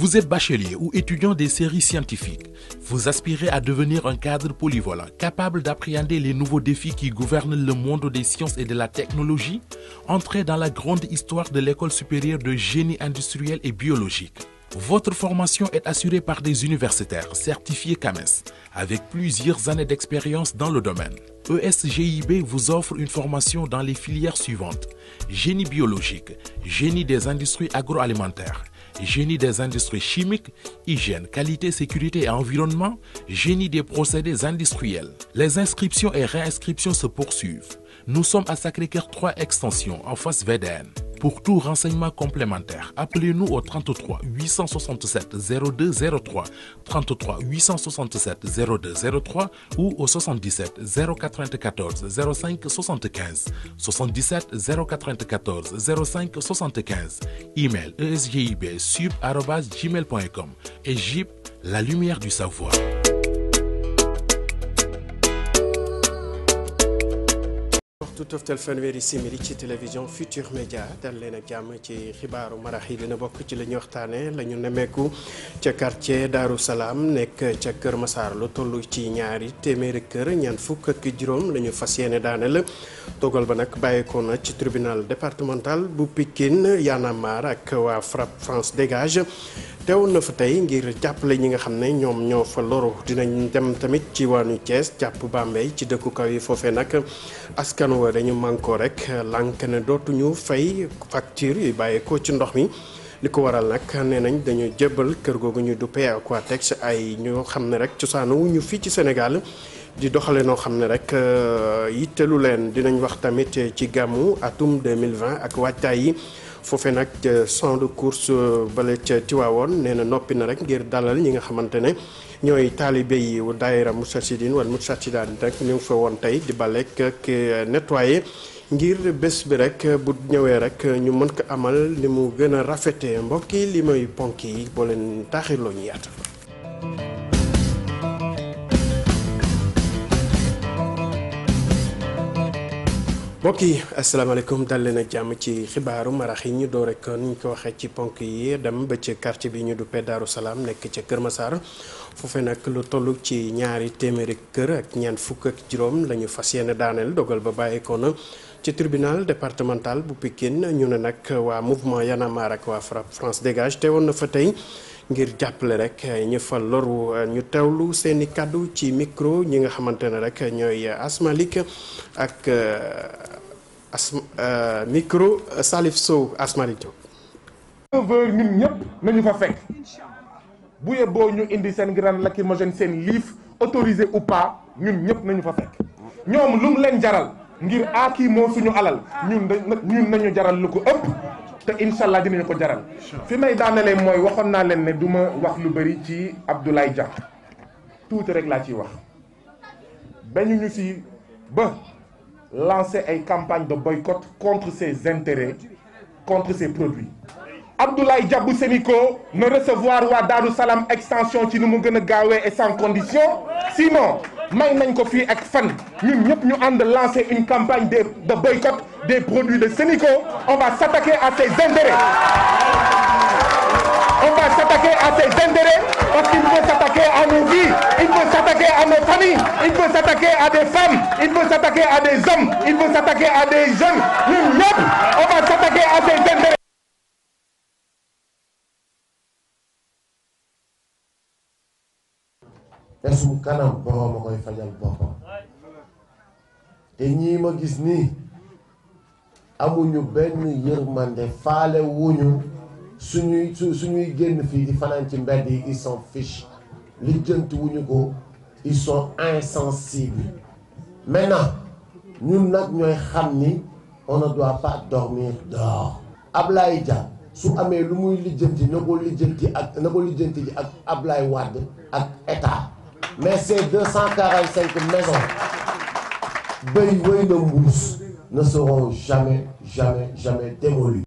Vous êtes bachelier ou étudiant des séries scientifiques. Vous aspirez à devenir un cadre polyvalent, capable d'appréhender les nouveaux défis qui gouvernent le monde des sciences et de la technologie. Entrez dans la grande histoire de l'école supérieure de génie industriel et biologique. Votre formation est assurée par des universitaires certifiés CAMES, avec plusieurs années d'expérience dans le domaine. ESGIB vous offre une formation dans les filières suivantes: génie biologique, génie des industries agroalimentaires génie des industries chimiques, hygiène, qualité, sécurité et environnement, génie des procédés industriels. Les inscriptions et réinscriptions se poursuivent. Nous sommes à Sacré-Cœur 3 Extension, en face VDN. Pour tout renseignement complémentaire, appelez-nous au 33 867 02 03, 33 867 02 03 ou au 77 094 05 75, 77 094 05 75. Email esgib sub@gmail.com la lumière du savoir. waxtu toftal fanweeri simili ci télévision Futur Média dal jàmm ci xibaaru marax yi dina bokk ci la ñuy waxtaane la ñu ca quartier Daaru Salaam nekk ca Kër Masaar lu toll ci ñaari téeméeri kër ñaan fukk ak juróom lañu fas yéene daane la dogal ba nag bàyyeekoo na ci tribunal départemental bu Pikine Y'en a ak waa FRAPP France dégage teewoon na fa tey ngir jàppale ñi nga xam ne ñoom ñoo fa loru dinañ dem tamit ci waanu Thiès jàpp Bambey ci dëkku kaw ko dañu mànkoo rek lànk ne dootuñu fay facture yu bàyyeekoo ci ndox mi li ko waral nag nee nañ dañu jébbal kër googu ñu teg si ay ñoo xam ne rek cosaanu ñu fii ci Sénégal di doxale noo xam ne rek euh, yittelu leen dinañ wax tamit ci gàmmu atum 2020 ak waajtaay yi foofe nag euh, champ de course euh, bale ca Tiwaawoon nee na noppi na rek ngir dalal ñi nga xamante ne ñooy taalibe yi daayira Moustarchidine wala Moustarchidaty nag ñu ngi fa woon tey di balek ak eh, nettoyer ngir bés bi rek bu ñëwee rek ñu mën ko amal ni mu gën a rafetee mbokk yi li may ponk yi boo leen taaxirloo ñu yaatal. mbokk yi asalaamaaleykum dal leen ak jàmm ci xibaaru marax yi ñu door rek ni ñu ko waxee ci ponk yi dem ba ci quartier bi ñu duppee Daaru Salaam nekk ca Kër Massar foofee nag lu toll ci ñaari téeméeri kër ak ñeent fukk ak juróom la ñu fas yéene daaneel dogal ba bàyyeekoo na ci tribunal départemental bu Pikine ñu ne nag waa mouvement Y'en a marre ak waa FRAPP France dégage teewoon na fa tey ngir jàppale rek ñu fa loru ñu teewlu seeni kàddu ci micro ñi nga xamante ne rek ñooy Asmalik ak euh, euh, micro Salif Sow Asmalik Diop. 9h ñun ñëpp nañu fa fekk bu yeboo ñu indi seen grande lacrymogène seen liif autorisé ou pas ñun ñëpp nañu fa fekk ñoom lu leen jaral. ngir aar kii moom suñu alal ñun dañ ñun nañu jaral lu ko ëpp te incha allah dinañu ko jaral. fi may daanelee mooy waxoon naa leen ne du wax lu bari ci Abdoulaye Dia tuuti rek laa ciy wax bañu ñu si ba lancer ay campagne de boycott contre ses intérêts contre ses produits. Abdoulaye Dia bu Sénico na recevoir waa Daaru Salaam extension ci nu mu gën a gaawee et sans condition sinon. may nañ ko fii ak fan ñun ñëpp ñu ànd lancer une campagne de de boycott des produits de Sénico on va s'attaquer à ses intérêts on va s'attaquer à ses intérêts parce qu'il veut s'attaquer à nos vies il veut s'attaquer à nos familles il veut s'attaquer à des femmes il veut s'attaquer à des hommes il veut s'attaquer à des jeunes ñun ñëpp on va s'attaquer à ses intérêts mu kanam borom a koy fajal boppam te ñii ma gis nii amuñu benn yërmande faale wuñu suñuy suñuy génn fii di fanaan ci mbedd yi ils s'en fichent wuñu ko ils sont insensibles maintenant ñun nag ñooy xam ni on ne doit pas dormir dehors Ablaye Dia su amee lu muy lijjanti na ko lijjanti ak na ko lijjanti ji ak Ablaye Wade ak état mais ces 245 maisons, Beyoué de Mousse, ne seront jamais, jamais, jamais démolies.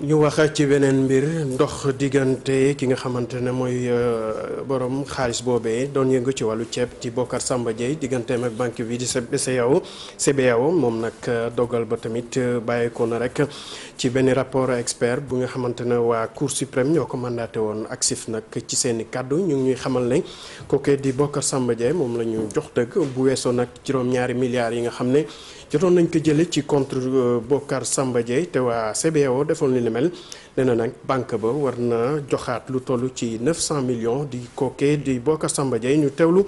ñu wax ci beneen mbir ndox diggante ki nga xamante ne mooy euh, borom xaalis boobee doon yëngu ci wàllu ceeb di Bocar Samba Dièye digganteem ak banque bi di CBAO e CBAO e moom nag euh, dogal ba tamit euh, bàyyeekoo na rek ci benn rapport expert bu nga xamante ne waa Cour suprême ñoo ko mandaté woon ak nag ci seeni kàddu ñu ngi ñuy xamal ne kookee di Bocar Samba Dièye moom la ñu jox dëgg bu weesoo nag juróom-ñaari milliards yi nga xam ne. jotoon nañ ko jële ci contre euh, Bocar Samba Dièye te waa CBAO defoon li ni mel nee na nag banque ba war na joxaat lu toll ci 900 millions di kookee di Bocar Samba Dièye ñu teewlu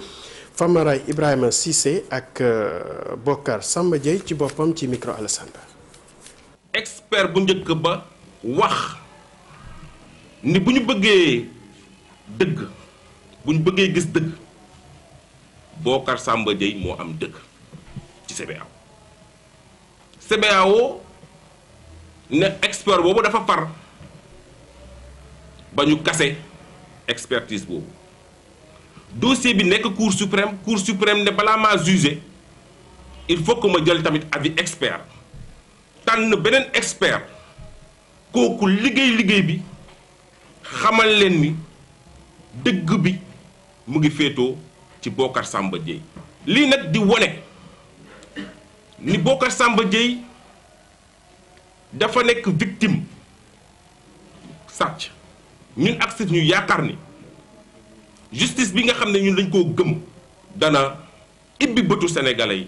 Famara Ibrahima Cissé ak euh, Bocar Samba Dièye ci boppam ci micro Alassane Ba expert bu njëkk ba wax ni bu ñu bëggee dëgg bu ñu bëggee gis dëgg Bocar Samba Dièye moo am dëgg ci CBAO CBAO ne expert boobu dafa far ba ñu kase expertise boobu dossier bi nekk cour suprême cour suprême ne balaa maa jugé il faut que ma jël tamit avis expert tànn beneen expert kooku liggéey liggéey bi xamal leen ni dëgg bi mu ngi féetoo ci bokkat sàmba Dièye lii nag di wone ni Bocar Samba Dièye dafa nekk victime sàcc ñun ak ñu yaakaar ni justice bi nga xam ne ñun dañ koo gëm dana ibbi bëtu sénégalais yi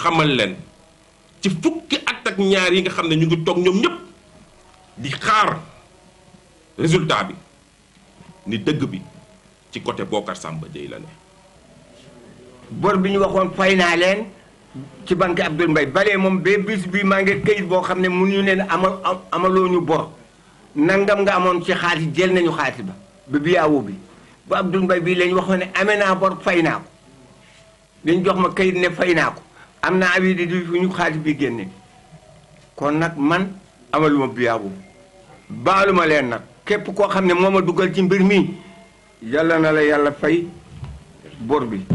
xamal leen ci fukki at ak ñaar yi nga xam ne ñu ngi toog ñoom ñëpp di xaar résultat bi ni dëgg bi ci côté Bocar Samba Dièye la ne. bor bi ñu waxoon fay naa leen. ci banque Abdoul mbay balee moom ba bis bi maa ngi kayit boo xam ne mënuñu leen amal amaloo ñu bor nangam nga amoon ci xaalis jël nañu xaalis ba ba biyaawu bi bu Abdoul mbay bii lañ wax ne amee naa bor fay naa ko dañ jox ma kayit ne fay naa ko am naa avis de fu bi génne kon nag man amaluma biyaawu baaluma leen nag képp koo xam ne moom ma dugal ci mbir mi yàlla na la yàlla fay bor bi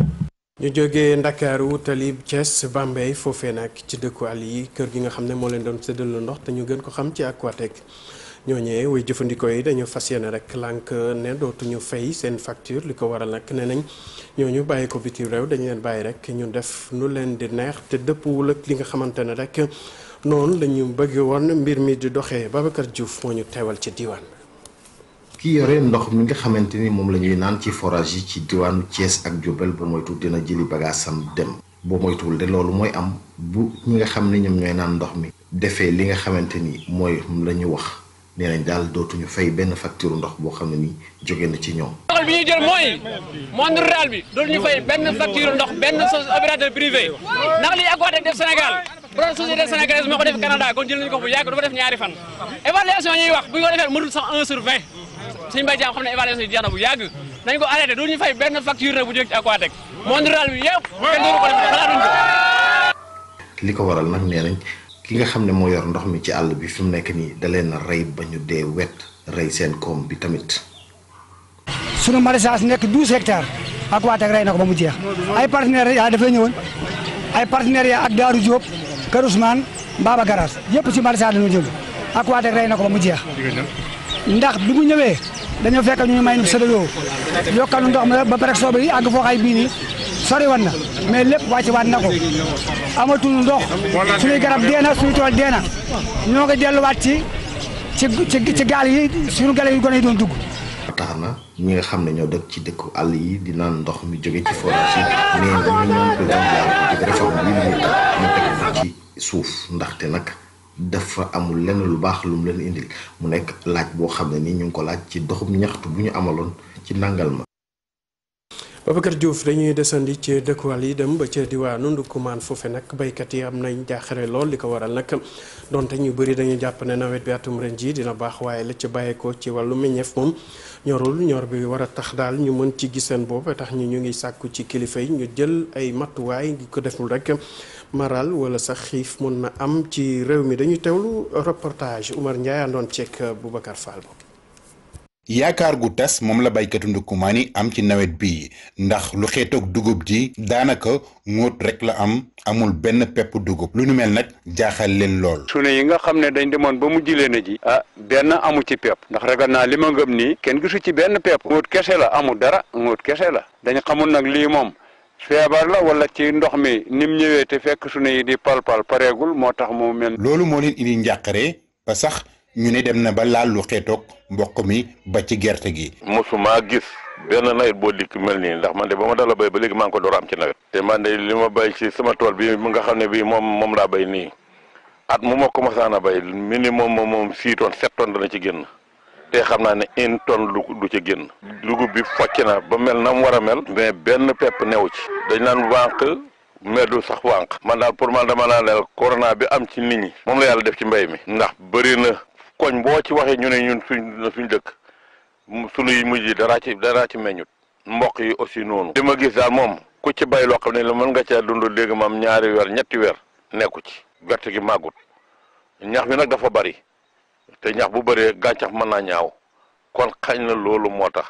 ñu jógee ndakaaru wutali Thiès Bambey foofee nag ci dëkku àll yi kër gi nga xam ne moo leen doon séddal la ndox te ñu gën ko xam ci Aquatec ñooñee way jëfandikoo yi dañu fas yéene rek lànk ne dootuñu fay seen facture li ko waral nag ne nañ ñooñu bàyyi ko bitim réew dañu leen bàyyi rek ñu def nu leen di neex te dëppwul ak li nga xamante ne rek noonu la ñu bëgg woon mbir mi di doxee Babacar Diouf moo ñu teewal ci diiwaan ki yore ndox mi nga xamante ni moom la ñuy naan ci forage yi ci diwaanu cees ak Diourbel ba moytuwul dina jëli bagaasam dem boo moytuwul de loolu mooy am bu mi nga xam ni ñoom ñooy naan ndox mi defee li nga xamante ni mooy la ñu wax nee nañ daal dootuñu fay benn facture ndox boo xam ne nii jóge na ci ñoom. ndox bi ñuy jël mooy monde rural bi dootuñu fay benn facture ndox benn opérateur privé moo ko def Canada kon jël nañu ko bu yàgg dafa def ñaari suñu mbay jaam xam ne évaluation yi jeex bu yàgg nañ ko arrêté du ñu fay benn facture nag bu jóg ci Aquatech monde rural bi yëpp kenn dooru ko def ko waral nag nee nañ ki nga xam ne moo yor ndox mi ci àll bi fi mu nekk nii da leen a rey ba ñu dee wet rey seen koom bi tamit sunu maraîchage nekk 12 hectares Aquatech rey na ko ba mu jeex ay partenaires yaa dafay ñëwoon ay partenaires yaa ak Daaru Diop Kër Ousmane Baba Garage si ci maraîchage la ñu jënd rey na ko ba mu jeex ndax bi mu ñëwee dañoo fekk ñu may nu séddaloo yokkal ndox mi ba pare soobe yi àgg foo xay bii nii sori na mais lépp wàcci waat na ko amatuñu ndox suñuy garab dee na suñu tool dee na ñoo ngi delluwaat ci ci gaal yi suñu gale yi gone yi doon dugg tax na ñi nga xam ne ñoo dëkk ci dëkku àll yi di naan ndox mi jóge ci forage yi mais suuf ndaxte nag dafa amul lenn lu baax lu mu leen indil mu nekk laaj boo xam ne ni ñu ngi ko laaj ci doxum ñaxtu bu ñu amaloon ci nangal ma. Babacar Diouf dañuy desandi ci dëkkuwaal yi dem ba ca diwaanu Ndoukoumane foofe nag béykat yi am nañ jaaxare lool li ko waral nag donte ñu bari dañu jàpp ne nawet bi atum ren jii dina baax waaye la ci bàyyeekoo ci wàllu meññeef moom ñorul ñor bi war a tax daal ñu mën ci gis seen bopp tax ñu ñu ngi sàkku ci kilifa yi ñu jël ay matuwaay ngi ko deful rek. maral wala sax xiif mun na am ci réew mi dañuy teewlu reportage Oumar Ndiaye àndoon ceeg Boubacar Fall boobu. yaakaar gu tas moom la baykatu ndukkumaan yi am ci nawet bii ndax lu xeetoog dugub ji daanaka ngóot rek la am amul benn pepp dugub lu nu mel nag jaaxal leen lool su ne yi nga xam ne dañ demoon ba mu jilee na ji ah benn amu ci pepp ndax ragal naa li ma ngëm nii kenn gisu ci benn pepp ngóot kese la amul dara ngóot kese la dañ xamul nag lii moom feebar la wala ci ndox mi nim ñëwee te fekk su yi di palpal pareegul moo tax mu mel. loolu moo leen indi njàqare ba sax ñu ne dem na ba laal lu xeetoog mboq mi ba ci gerte gi. mosuma gis benn nawet boo dikk mel nii ndax man de ba ma dala béy ba léegi maa ngi door am ci nawet. te man de li ma béy ci sama tool bi mu nga xam ne bii moom moom laa béy nii at mu ma ko masaan a béy ni moom moom six set sept tonnes dana ci génn. te xam naa ne une tonne lu du ca génn dugub bi focc na ba mel na mu war a mel mais benn pepp new ci dañ naan wànq meddu sax wànq man daal pour man dama naa leel corona bi am ci nit ñi moom la yàlla def ci mbéy mi ndax bëri na koñ boo ci waxee ñu ne ñun suñ suñ dëkk suñuy mujj daraa ci daraa ci meññut mboq yi aussi noonu li ma gis daal moom ku ci bay loo xam ne la mën nga caa dund léegi maam ñaari wer ñetti weer nekku ci gerte gi màggut ñax mi nag dafa bari te ñax bu baree gàncax mën naa ñaaw kon xañ la loolu moo tax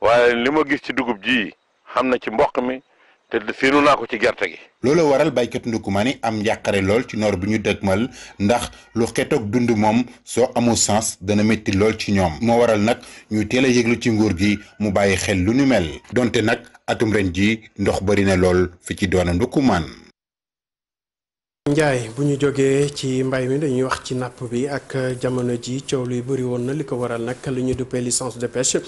waaye li ma gis ci dugub ji xam na ci mboq mi te seenu naa ko ci gerte gi. loolu waral baykat Ndoukoumane am njàqare lool ci noor bi ñu mal ndax lu xetoog dund moom soo amul sens dana métti lool ci ñoom. moo waral nag ñu teel a yëglu ci nguur gi mu bàyyi xel lu ñu mel donte nag atum ren ji ndox bari na lool fi ci doona Ndoukoumane. Njaay bu ñu jógee ci mbay mi dañuy wax ci napp bi ak jamono ji coow luy bëri woon na li ko waral nag li ñu duppee licence de pêche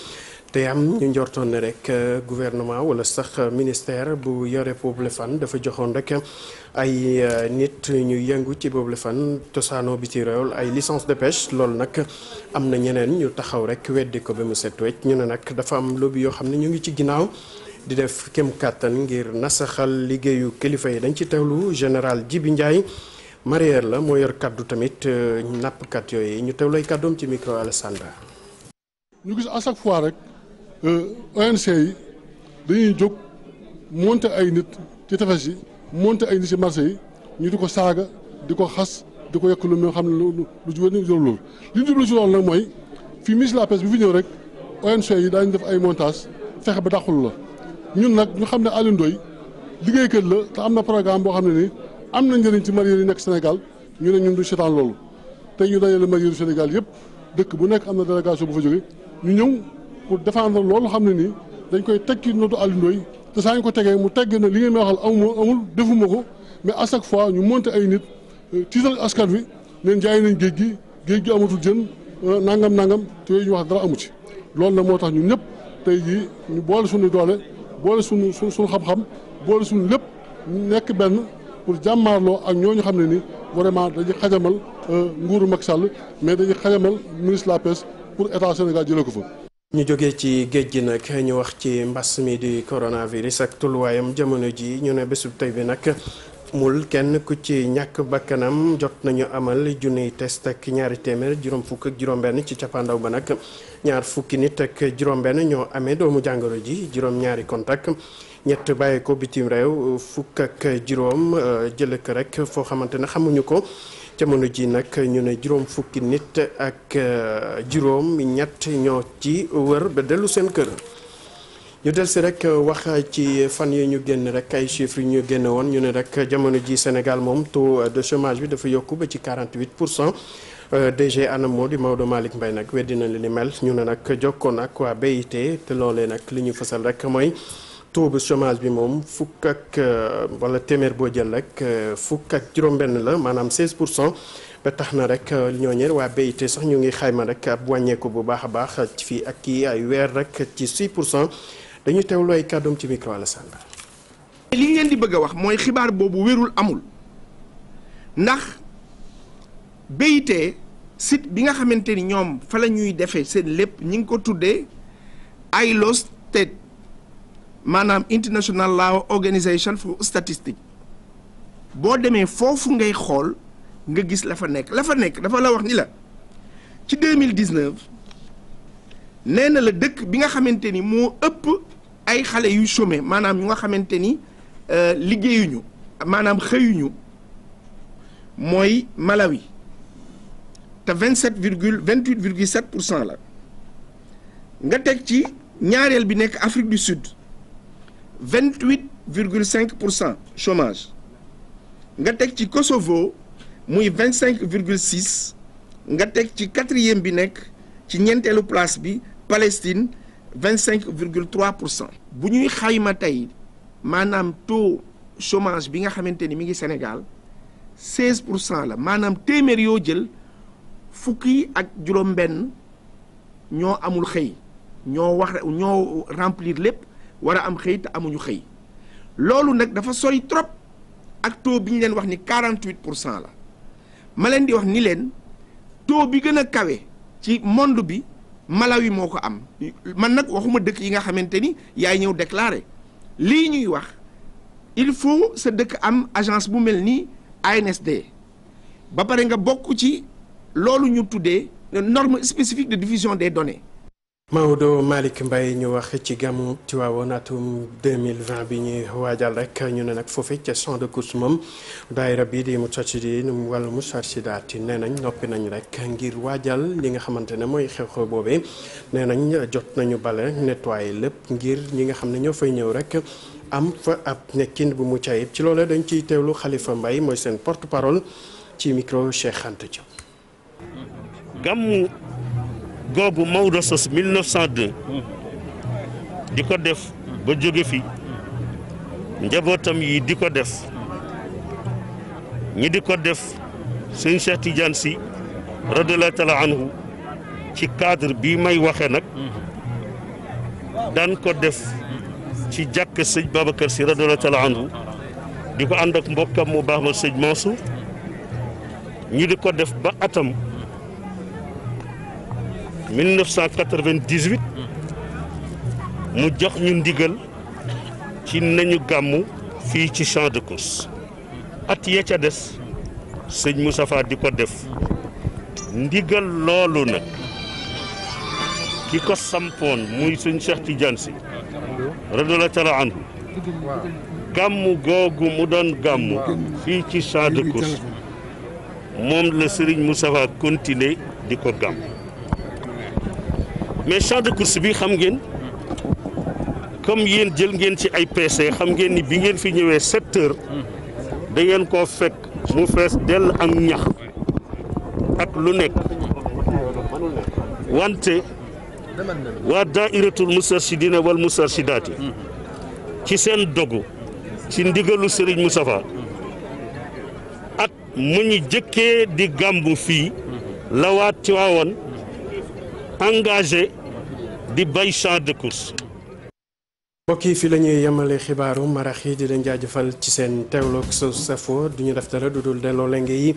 te am ñu njortoon ne rek euh, gouvernement wala sax ministère bu yore boobu fan dafa joxoon rek ay euh, nit ñu yëngu ci boobu fan cosaanoo bi ci réewal ay licence de pêche loolu nag am na ñeneen ñu taxaw rek weddi ko ba mu set wecc ñu ne nag dafa am lobby yoo xam ne ñu ngi ci ginnaaw. di def kem kàttan ngir nasaxal liggéeyu kilifa yi dañ ci teewlu général Djibi Ndiaye mareyeur la moo yor kàddu tamit euh, nappkat yooyu ñu teewlay kàddoom ci micro Alessandra. ñu gis à chaque fois rek euh, ONC yi dañuy ay nit ci tefes yi monter ay nit yi ñu di ko saaga di ko xas di ko yekk lu mu xam ne lu lu lu jur loolu li mooy fii ministre de bi fi ñëw rek ONC yi daañu def ay montage fexe ba dàqul la. ñun nag ñu xam ne Alioune Ndoye liggéeykat la te am na programme boo xam ne ni am na njëriñ ci mareyeur yi nekk Sénégal ñu ne ñun du seetaan loolu tey ñu dajale mareyeur Sénégal yëpp dëkk bu nekk am na délégation bu fa jóge ñu ñëw pour défendre loolu xam ne nii dañ koy tekki nootu Alioune Ndoye te saa ñu ko tegee mu tegg na li ngeen may waxal amuma amul defuma ko mais à chaque fois ñu monté ay nit euh, tiital askan wi neen jaay nañ géej gi géej gi amatul jën euh, nangam nangam te yooyu ñu wax dara amu ci loolu nag moo tax ñun ñëpp tey jii ñu boole suñu doole boole suñu su suñu xam-xam boole suñu lépp nekk benn pour jàmmaarloo ak ñooñu xam ne ni vraiment dañuy xajamal euh, nguuru Macky Sall mais dañuy xajamal ministre de la pêche pour état Sénégal jëlee ko fa. ñu jógee ci géej gi nag ñu wax ci mbas mi di coronavirus ak tulluwaayam jamono ji ñu ne bésub tey bi nag. mul kenn ku ci ñàkk bakkanam jot nañu amal junniy test ak ñaari téeméer juróom fukk ak juróom benn ci cappaandaw ba nag ñaar fukki nit ak juróom-benn ñoo amee doomu jàngoro ji juróom-ñaari contact ñett bàyyi ko bitim réew fukk ak juróom euh, jële ko rek foo xamante ne xamuñu ko jamono ji nag ñu ne juróom fukki nit ak euh, juróom ñett ñoo ci wër ba dellu seen kër. ñu del si rek wax ci fan yi ñu génn rek ay chiffres yi ñu génn woon ñu ne rek jamono ji Sénégal moom taux de chômage bi dafa yokku ba ci 48 pour cent Euh, DG ANAM moo di Maodo Malick Mbaye nag weddi na li ni mel ñu ne nag jokkoon ak waa BIT te loolee nag li ñu fësal rek mooy taux bu chômage bi moom fukk ak euh, wala téeméer boo jël rek euh, fukk ak juróom-benn la maanaam 16 pour cent tax na rek ñooñu waa BIT sax ñu ngi xayma rek ab wàññeeku bu baax a baax ci fii ak kii ay weer rek ci 6 pour cent dañuy teewlu ay ci micro Alassane li ngeen di bëgg a wax mooy xibaar boobu wérul amul ndax BIT site bi nga xamante ni ñoom fa la ñuy defee seen lépp ñi ngi ko tuddee ILO State maanaam International Law Organization for Statistics boo demee foofu ngay xool nga gis la fa nekk la fa nekk dafa la wax ni la ci 2019 nee na la dëkk bi nga xamante ni moo ëpp ay xale yu chômé maanaam ñu nga xamante ni euh, liggéeyuñu maanaam xëyuñu mooy Malawi te vingt sept virgule vingt huit virgule sept pour la nga teg ci ñaareel bi nekk Afrique du Sud vingt huit virgule cinq pour cent chômage nga teg ci Kosovo muy vingt cinq virgule six nga teg ci quatrième bi nekk ci ñeenteelu place bi Palestine vingt cinq virgule trois pour cent. bu ñuy xayma tey maanaam taux chômage bi nga xamante ni mi ngi Sénégal seize pour cent la maanaam téeméer yoo jël. fukki ak juróom-benn ñoo amul xëy ñoo wax ñoo remplir lépp war a am xëy te amuñu xëy loolu nag dafa sori trop ak taux bi ñu leen wax ni 48 pour cent la ma leen di wax ni leen taux bi gën a kawe ci monde bi Malawi moo ko am man nag waxuma dëkk yi nga xamante ni yaay ñëw déclaré lii ñuy wax il faut sa dëkk am agence bu mel ni ANSD ba pare nga bokk ci loolu ñu tuddee norme spécifique de diffusion des données. Maodo Malick Mbaye ñu wax ci gàmmu Tiwaawoon atum 2020 bi ñuy waajal rek ñu ne nag foofu ca champ de course moom daayira bi di Moustarchidine wala Moustarchidaty nee nañ noppi nañ rek ngir waajal li nga xamante ne mooy xew-xew boobee nee nañ jot nañu bale nettoyé lépp ngir ñi nga xam ne ñoo fay ñëw rek am fa ab nekkin bu mucc ayib ci loolee dañ ciy teewlu xalifa mbay mooy seen porte parole ci micro Cheikh Anta Diop gàmmu googu Maodo sos 1902 di ko def ba jóge fi njabootam yi di ko def ñi di ko def sëñ Cheikh Tidiane Sy radiyallahu taala anhu ci cadre bi may waxe nag daan ko def ci jàkk sëñ Babacar Sy radiyallahu taala anhu di ko ànd ak mbokkam mu baax ma sëñ Mansour ñu di ko def ba atam 1998 mu jox ñu ndigal ci nañu gàmmu fii ci champ de course at ya ca des sëñ Moustapha di ko def ndigal loolu nag ki ko sampoon muy sëñ Cheikh Tidiane Sy radiyallahu googu mu doon gàmmu fii ci champ de course moom la Serigne Moustapha continuer di ko gàmm mais champ course bi xam ngeen comme yéen jël ngeen ci ay PC xam ngeen ni bi ngeen fi ñëwee sept heures da ngeen koo fekk mu fees dell ak ñax ak lu nekk wante waa dairatul moustarchidina wal moustarchidaati ci seen dogu ci ndigalu Serigne Moustapha mu ñu jëkkee di gàmbu fii la waa Tiwaawan engagé di bay champ de course. mbokk yi fii la ñuy yemale xibaaru marax yi di leen jaajëfal ci seen teewloog sa safo du ñu def dara du dul delloo lenge yi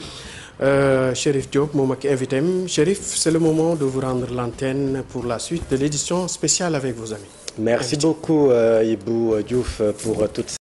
euh, Chérif Diop moom ak invité am Chérif c'est le moment de vous rendre l'antenne pour la suite de l'édition spéciale avec vos amis. merci beaucoup euh, Ibou Diouf pour toute